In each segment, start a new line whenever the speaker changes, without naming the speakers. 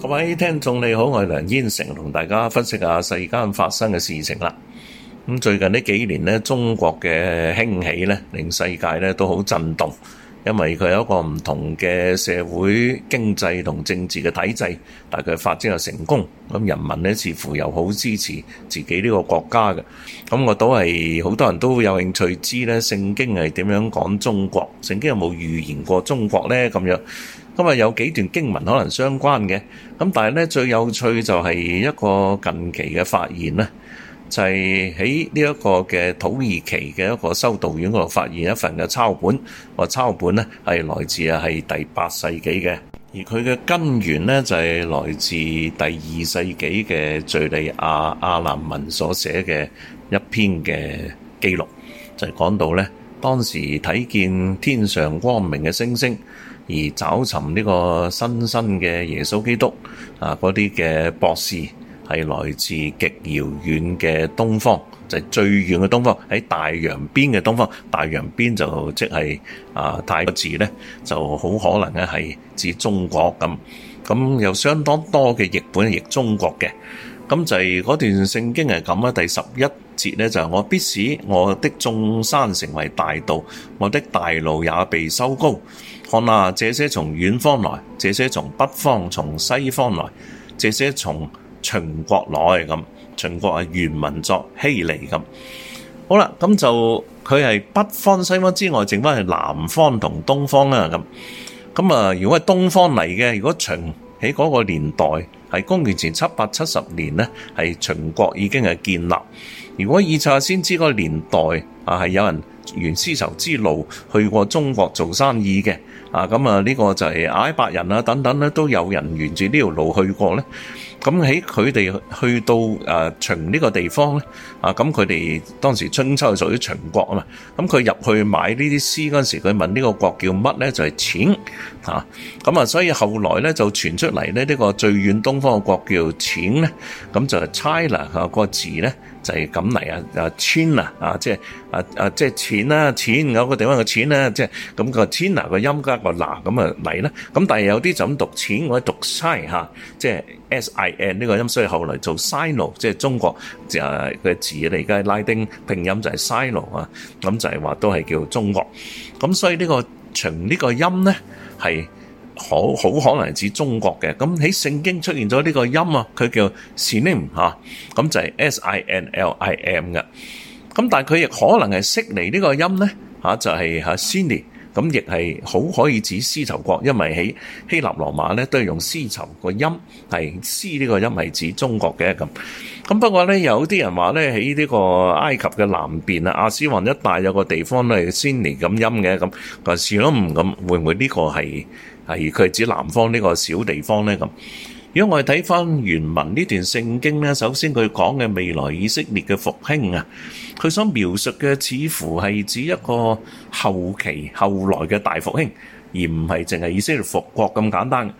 各位聽眾你好，我係梁燕成，同大家分析下世間發生嘅事情啦。咁最近呢幾年咧，中國嘅興起咧，令世界咧都好震動，因為佢有一個唔同嘅社會、經濟同政治嘅體制，但係佢發展又成功，咁人民咧似乎又好支持自己呢個國家嘅。咁我都係好多人都有興趣知咧，聖經係點樣講中國？聖經有冇預言過中國呢？咁樣？今日有幾段經文可能相關嘅，咁但係咧最有趣就係一個近期嘅發現咧，就係喺呢一個嘅土耳其嘅一個修道院嗰度發現一份嘅抄本，這個抄本呢係來自啊係第八世紀嘅，而佢嘅根源呢就係來自第二世紀嘅敍利亞阿南文所寫嘅一篇嘅記錄，就係、是、講到呢，當時睇見天上光明嘅星星。而找尋呢個新生嘅耶穌基督啊，嗰啲嘅博士係來自極遙遠嘅東方，就係、是、最遠嘅東方喺大洋邊嘅東方，大洋邊就即係啊泰國字咧，就好可能咧係指中國咁咁，有相當多嘅譯本係譯中國嘅咁，就係嗰段聖經係咁啦，第十一。節咧就係、是、我必使我的眾山成為大道，我的大路也被收高。看啊，這些從遠方來，這些從北方、從西方來，這些從秦國來咁。秦國係原文作希尼咁。好啦，咁就佢係北方、西方之外，剩翻係南方同東方啊咁。咁啊，如果係東方嚟嘅，如果秦喺嗰個年代係公元前七百七十年呢，係秦國已經係建立。如果以察先知個年代啊，係有人沿絲綢之路去過中國做生意嘅啊，咁啊呢個就係阿拉伯人啊等等咧，都有人沿住呢條路去過咧。咁喺佢哋去到誒、啊、秦呢個地方咧啊，咁佢哋當時春秋屬於秦國啊嘛。咁佢入去買呢啲絲嗰陣時，佢問呢個國叫乜咧？就係、是、錢啊。咁啊，所以後來咧就傳出嚟咧，呢個最遠東方嘅國叫錢咧，咁就係 China 啊個字咧。就係咁嚟啊！啊，China 啊！啊，即係啊啊，即係錢啦，錢有個地方嘅錢咧，即係咁個 China 個音加個嗱咁啊嚟啦！咁但係有啲就咁讀錢，我讀西嚇，即係 s i n 呢個音，所以後來做 Sino，即係中國嘅、啊、字，嚟而家拉丁拼音就係、是、Sino 啊，咁就係、是、話都係叫中國。咁所以呢、這個長呢、這個音咧係。好好可能係指中國嘅咁喺聖經出現咗呢個音 im, 啊，佢叫 sinim 咁就係 s i n l i m 嘅。咁但係佢亦可能係悉尼呢個音咧嚇、啊，就係、是、嚇 s i n i 咁，亦係好可以指絲綢國，因為喺希臘羅馬咧都係用絲綢音 C 個音係絲呢個音係指中國嘅咁。咁不過咧，有啲人話咧喺呢個埃及嘅南邊啊，亞斯旺一帶有一個地方係 sinim 咁音嘅咁，嗰時咯咁會唔會呢個係？係，佢係指南方呢個小地方咧咁。如果我哋睇返原文呢段聖經咧，首先佢講嘅未來以色列嘅復興啊，佢所描述嘅似乎係指一個後期後來嘅大復興，而唔係淨係以色列復國咁簡單。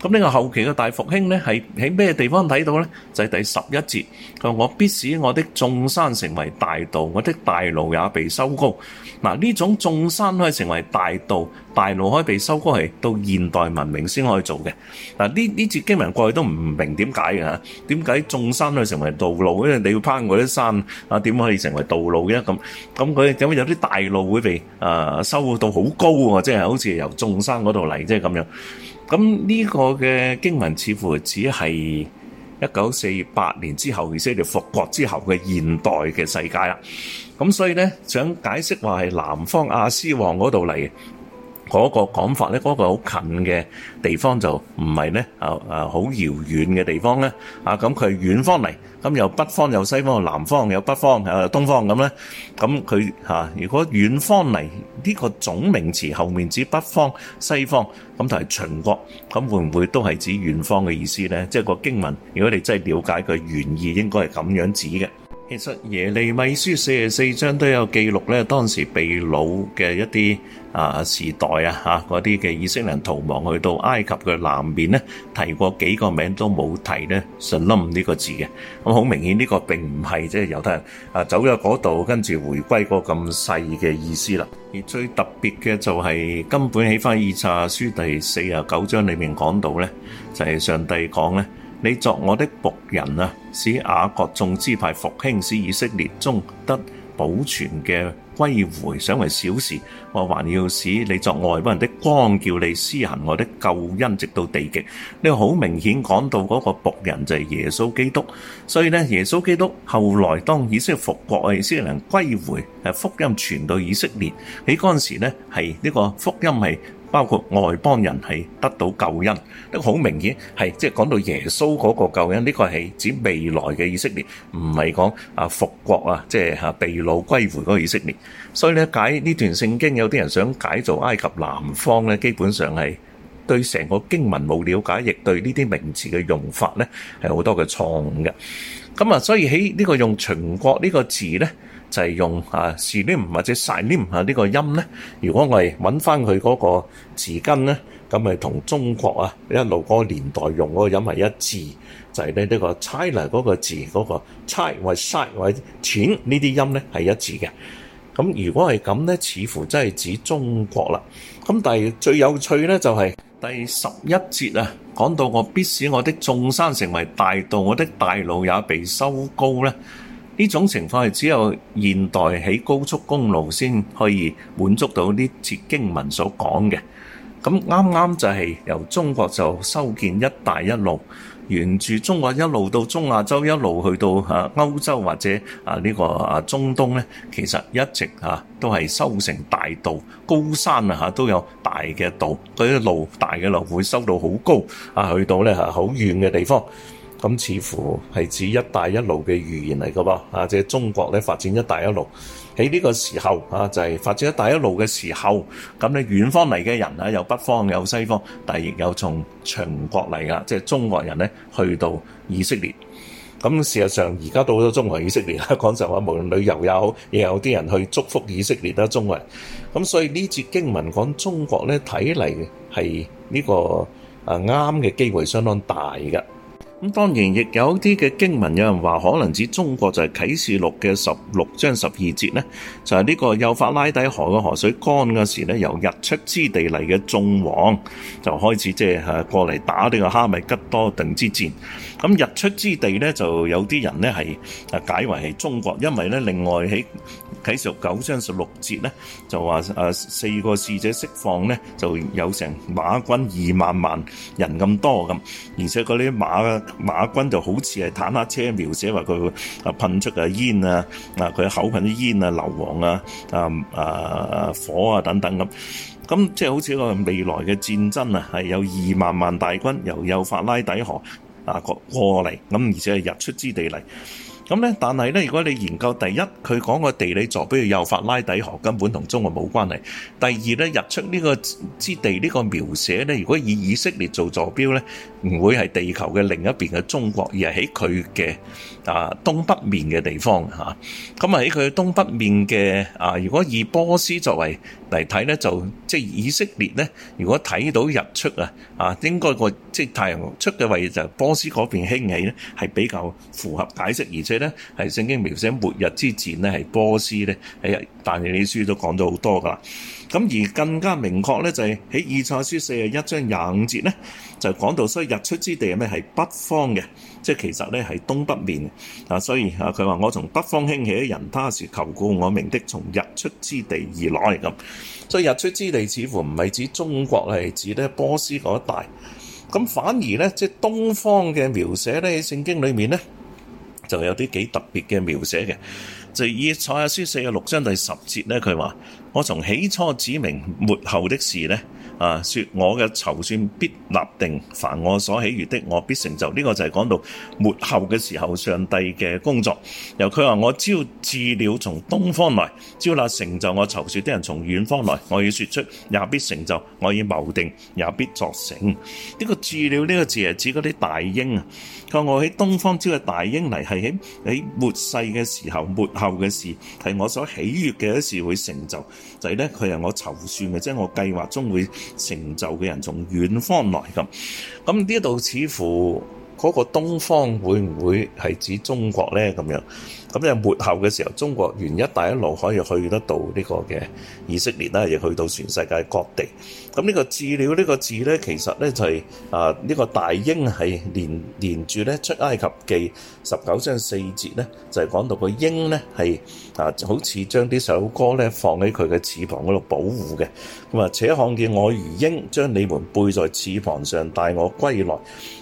咁呢個後期嘅大復興咧，係喺咩地方睇到咧？就係第十一節，佢話：我必使我的眾山成為大道，我的大路也被修高。嗱，呢種眾山可以成為大道，大路可以被修高，係到現代文明先可以做嘅。嗱，呢呢節經文過去都唔明點解嘅，點解眾山可以成為道路？因為你要攀嗰啲山啊，點可以成為道路嘅？咁咁佢點解有啲大路會被啊收到好高啊？即係好似由眾山嗰度嚟，即係咁樣。咁呢個嘅經文似乎只係一九四八年之後，而且係復國之後嘅現代嘅世界啦。咁所以咧，想解釋話係南方亞斯王嗰度嚟嗰個講法咧，嗰、嗰個好近嘅地方就唔係咧啊啊！好、啊、遙遠嘅地方咧啊，咁佢係遠方嚟，咁、嗯、有北方、有西方、有南方、有北方、有東方咁咧。咁佢吓，如果遠方嚟呢、呢個總名詞，後面指北方、西方，咁就係秦國，咁會唔會都係指遠方嘅意思咧？即係個經文，如果你真係了解佢原意，應該係咁樣指嘅。其實耶利米書四十四章都有記錄咧，當時被擄嘅一啲啊時代啊吓，嗰啲嘅以色列人逃亡去到埃及嘅南面咧，提過幾個名都冇提咧，神冧呢個字嘅。咁好明顯呢個並唔係即係猶太人啊走咗嗰度，跟住回歸過咁細嘅意思啦。而最特別嘅就係、是、根本喺《翻以賽亞書》第四十九章裏面講到咧，就係上帝講咧。你作我的僕人啊，使雅各眾支派復興，使以色列中得保存嘅歸回，想為小事，我還要使你作外邦人的光，叫你施行我的救恩，直到地極。呢個好明顯講到嗰個僕人就係耶穌基督，所以呢，耶穌基督後來當以色，以色列復國，誒，先能歸回，誒，福音傳到以色列。喺嗰陣時咧係呢、呢個福音係。包括外邦人係得到救恩，都好明顯係即係講到耶穌嗰個救恩，呢、這個係指未來嘅以色列，唔係講啊復國啊，即係嚇被擄歸回嗰個以色列。所以咧解呢段聖經，有啲人想解做埃及南方咧，基本上係對成個經文冇了解，亦對呢啲名詞嘅用法咧係好多嘅錯誤嘅。咁啊，所以喺呢個用秦國呢個詞咧。就係用啊士呢唔或者曬呢唔啊呢個音咧，如果我係揾翻佢嗰個字根咧，咁咪同中國啊一路嗰個年代用嗰個音係一致，就係咧呢個 China 嗰個字，嗰個 China 或者曬或者錢呢啲音咧係一致嘅。咁如果係咁咧，似乎真係指中國啦。咁但係最有趣咧就係第十一節啊，講到我必使我的眾山成為大道，我的大路也被修高咧，呢種情況係只有現代起高速公路先可以滿足到呢節經文所講嘅。咁啱啱就係由中國就修建一帶一路，沿住中國一路到中亞洲一路去到啊歐洲或者啊呢個啊中東咧，其實一直啊都係修成大道，高山啊嚇都有大嘅道，嗰啲路大嘅路會修到好高，啊去到咧嚇好遠嘅地方。咁似乎係指一帶一路嘅預言嚟噶噃啊！即係中國咧發展一帶一路喺呢個時候啊，就係發展一帶一路嘅時候。咁咧遠方嚟嘅人啊，有北方，有西方，但係亦有從秦國嚟噶，即係中國人咧去到以色列。咁事實上，而家到咗中國以色列，講實話，無論旅遊又好，亦有啲人去祝福以色列啊，中國人。咁所以呢節經文講中國咧，睇嚟係呢個啊啱嘅機會相當大嘅。咁當然亦有啲嘅經文，有人話可能指中國就係《啟示錄》嘅十六章十二節咧，就係呢個幼發拉底河嘅河水乾嗰時咧，由日出之地嚟嘅眾王就開始即係啊過嚟打呢個哈米吉多定之戰。咁日出之地咧就有啲人咧係啊解為係中國，因為咧另外喺《啟示錄》九章十六節咧就話啊四個使者釋放咧就有成馬軍二萬萬人咁多咁，而且嗰啲馬。馬軍就好似係坦克車，描寫話佢啊噴出嘅煙啊，啊佢口噴啲煙啊硫磺啊啊啊火啊等等咁，咁即係好似一個未來嘅戰爭啊係有二萬萬大軍由幼發拉底河啊過過嚟，咁而且係日出之地嚟。咁咧，但係咧，如果你研究第一，佢講個地理座標，比如幼發拉底河，根本同中國冇關係。第二咧，日出呢個之地呢個描寫咧，如果以以色列做座標咧，唔會係地球嘅另一邊嘅中國，而係喺佢嘅啊東北面嘅地方嚇。咁啊喺佢東北面嘅啊，如果以波斯作為嚟睇咧就即係以色列咧，如果睇到日出啊，啊應該個即係太陽出嘅位置，就波斯嗰邊興起咧，係比較符合解釋，而且咧係聖經描寫末日之戰咧係波斯咧喺，但係你書都講咗好多噶啦，咁而更加明確咧就係、是、喺以賽書四啊一章廿五節咧就講到所以日出之地係咩係北方嘅。即係其實咧係東北面啊，所以啊佢話我從北方興起的人，他是求告我名的，從日出之地而來咁。所以日出之地似乎唔係指中國，係指咧波斯嗰一帶。咁反而咧，即係東方嘅描寫咧喺聖經裏面咧，就有啲幾特別嘅描寫嘅。就以賽亞書四十六章第十節咧，佢話我從起初指明末後的事咧。啊！説我嘅籌算必立定，凡我所喜悅的，我必成就。呢個就係講到末後嘅時候，上帝嘅工作。由佢話我招鷙鳥從東方來，招那成就我籌算的人從遠方來。我要説出也必成就，我要謀定也必作成。呢個鷙鳥呢個字係指嗰啲大鷹。啊！佢話我喺東方招嘅大鷹嚟係喺喺末世嘅時候，末後嘅事係我所喜悅嘅一時會成就。就係咧，佢係我籌算嘅，即係我計劃中會。成就嘅人從遠方來咁，咁呢度似乎嗰、那個東方會唔會係指中國咧咁樣？咁就末後嘅時候，中國沿一帶一路可以去得到呢個嘅以色列啦，亦去到全世界各地。咁呢個，這個字了呢個字咧，其實咧就係、是、啊呢、這個大鷹係連連住咧出埃及記十九章四節咧，就係、是、講到個鷹咧係。啊，好似將啲首歌咧放喺佢嘅翅膀嗰度保護嘅，咁啊且看見我如鷹將你們背在翅膀上帶我歸來，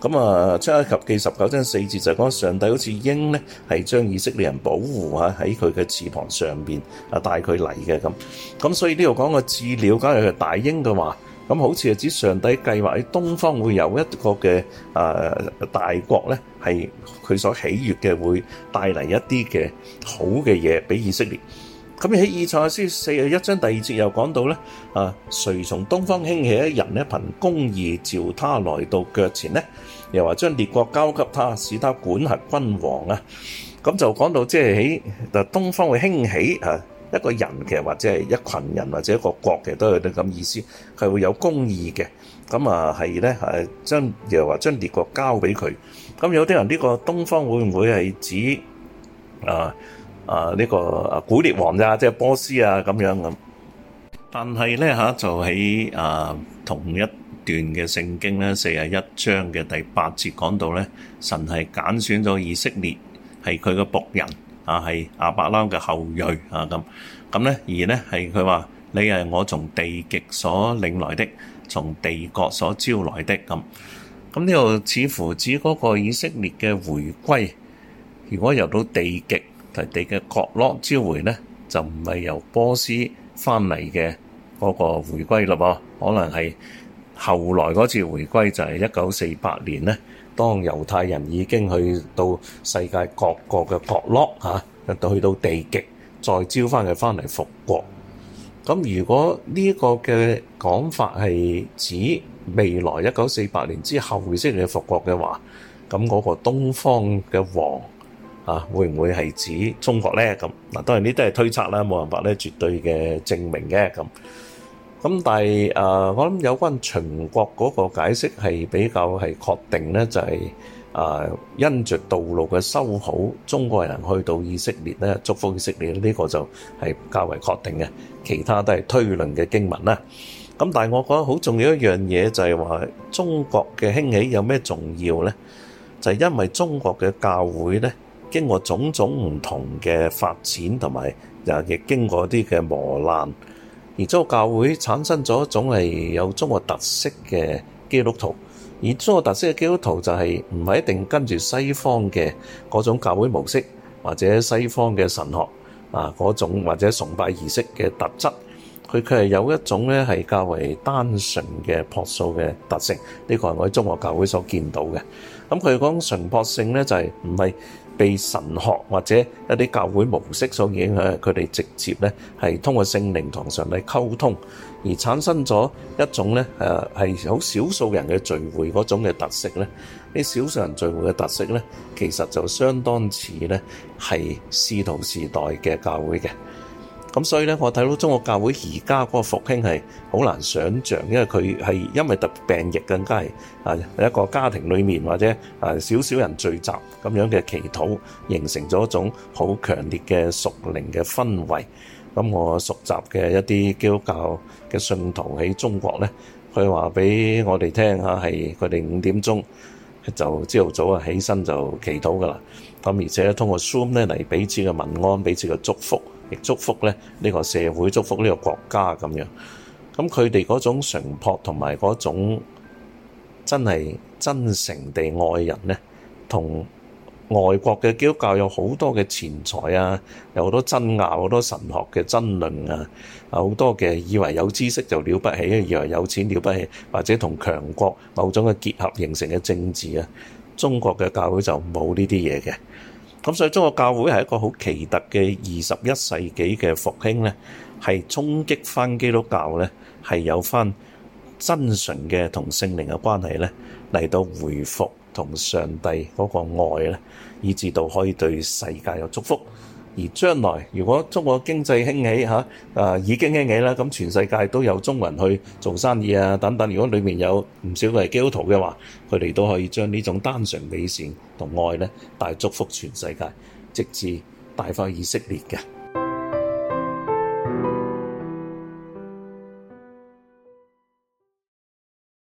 咁啊出埃及記十九章四節就講上帝好似鷹咧，係將以色列人保護啊喺佢嘅翅膀上邊啊帶佢嚟嘅咁，咁所以呢度講個飼鳥，假如係大鷹嘅話。咁好似係指上帝計劃喺東方會有一個嘅誒大國咧，係佢所喜悅嘅，會帶嚟一啲嘅好嘅嘢俾以色列。咁喺《以賽亞書》四啊一章第二節又講到咧，啊，誰從東方興起一人咧，憑公義召他來到腳前咧，又話將列國交給他，使他管轄君王啊。咁就講到即係喺東方會興起啊。一個人嘅，或者係一群人，或者一個國嘅，都有啲咁意思，係會有公義嘅。咁啊係咧，係將又話將列國交俾佢。咁有啲人呢個東方會唔會係指啊啊呢個古列王咋啊？即係波斯啊咁樣咁。但係咧嚇，就喺啊同一段嘅聖經咧四十一章嘅第八節講到咧，神係揀選咗以色列係佢嘅僕人。啊，係亞伯拉嘅後裔啊，咁咁咧，而呢係佢話你係我從地極所領來的，從地國所招來的咁。咁呢度似乎指嗰個以色列嘅回歸。如果由到地極，就是，地嘅角落召回呢，就唔係由波斯翻嚟嘅嗰個回歸啦。可能係後來嗰次回歸就係一九四八年呢。當猶太人已經去到世界各國嘅角落嚇、啊，去到地極，再招翻佢翻嚟復國。咁如果呢個嘅講法係指未來一九四八年之後會識嚟復國嘅話，咁嗰個東方嘅王啊，會唔會係指中國咧？咁嗱，當然呢啲都係推測啦，冇辦法咧，絕對嘅證明嘅咁。咁但係誒，我諗有關秦國嗰個解釋係比較係確定咧，就係誒因著道路嘅修好，中國人去到以色列咧，祝福以色列咧，呢個就係較為確定嘅。其他都係推論嘅經文啦。咁但係我覺得好重要一樣嘢就係話中國嘅興起有咩重要咧？就係因為中國嘅教會咧，經過種種唔同嘅發展，同埋又亦經過一啲嘅磨難。而中國教會產生咗一種係有中國特色嘅基督徒，而中國特色嘅基督徒就係唔係一定跟住西方嘅嗰種教會模式或者西方嘅神學啊嗰種或者崇拜儀式嘅特質，佢佢係有一種咧係較為單純嘅樸素嘅特性，呢、這個係我喺中國教會所見到嘅。咁佢講純樸性咧就係唔係被神學或者一啲教會模式所影響，佢哋直接咧係通過聖靈堂上嚟溝通，而產生咗一種咧誒係好少數人嘅聚會嗰種嘅特色咧。啲少數人聚會嘅特色咧，其實就相當似咧係使徒時代嘅教會嘅。咁所以咧，我睇到中國教會而家嗰個復興係好難想像，因為佢係因為特別病疫更加係啊一個家庭裡面或者啊少少人聚集咁樣嘅祈禱，形成咗一種好強烈嘅屬靈嘅氛圍。咁我熟習嘅一啲基督教嘅信徒喺中國咧，佢話俾我哋聽吓聽吓係佢哋五點鐘就朝頭早啊起身就祈禱㗎喇，咁而且通過 Zoom 咧嚟彼此嘅問安，彼此嘅祝福，祝福咧呢個社會，祝福呢個國家咁樣。咁佢哋嗰種淳樸同埋嗰種真係真誠地愛人呢，同外國嘅基督教有好多嘅錢財啊，有好多爭拗，好多神學嘅爭論啊，好多嘅以為有知識就了不起，以為有錢了不起，或者同強國某種嘅結合形成嘅政治啊，中國嘅教會就冇呢啲嘢嘅。咁所以中國教會係一個好奇特嘅二十一世紀嘅復興咧，係衝擊翻基督教咧，係有翻真純嘅同聖靈嘅關係咧，嚟到回復同上帝嗰個愛咧，以至到可以對世界有祝福。而將來如果中國經濟興起嚇，誒、啊、已經興起啦，咁全世界都有中文去做生意啊等等。如果裡面有唔少係基督徒嘅話，佢哋都可以將呢種單純美善同愛咧帶祝福全世界，直至帶翻以色列嘅。